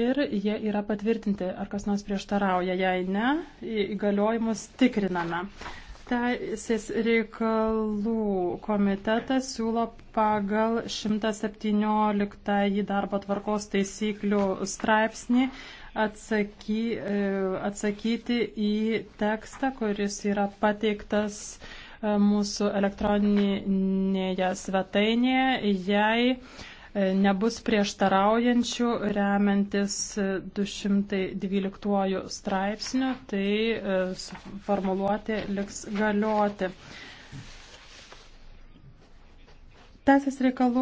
ir jie yra patvirtinti. Ar kas nors prieštarauja, jei ne, įgaliojimus tikriname. Teisės reikalų komitetas siūlo pagal 117 darbo tvarkos taisyklių straipsnį atsaky, e, atsakyti į tekstą, kuris yra pateiktas e, mūsų elektroninėje svetainėje. Jei nebus prieštaraujančių remiantis 212 straipsniu, tai e, formuluoti liks galioti. Teisės reikalų